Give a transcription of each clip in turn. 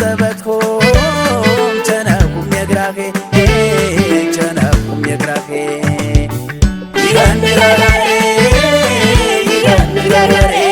ተበትሆም ቸነኩም የግራፌ ቸነኩም የግራፌ ይገንድገራሬ ይገንድገራሬ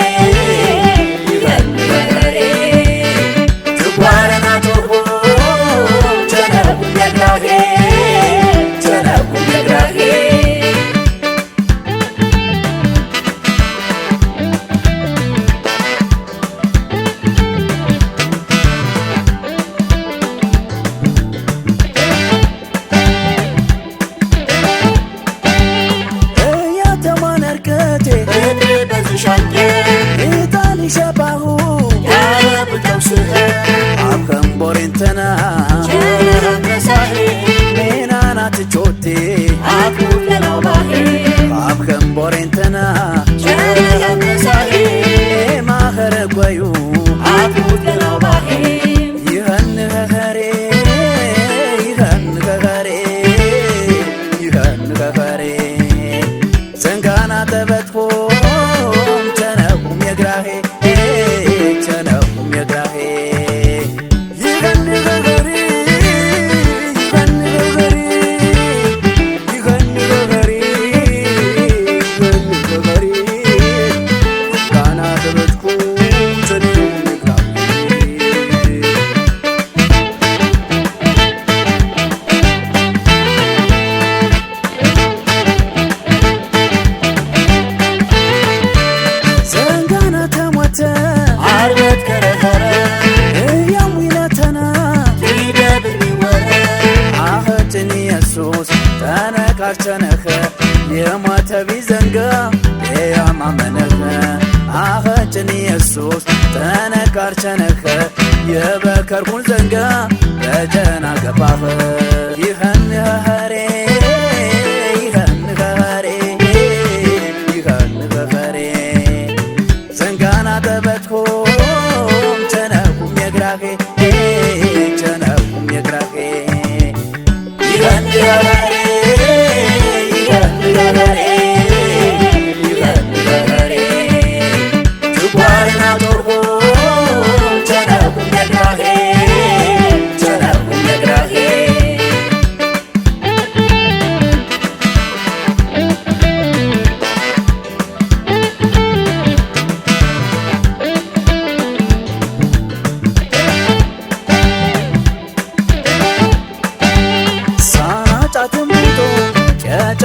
ኢየሱስ ተነቃርቸነኸ የማተቢ ዘንጋ የያማመነኸ አኸችን ኢየሱስ ተነቃርቸነኸ የበከርኩን ዘንጋ በጀና ገባኸ ይህን ይኸን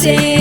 say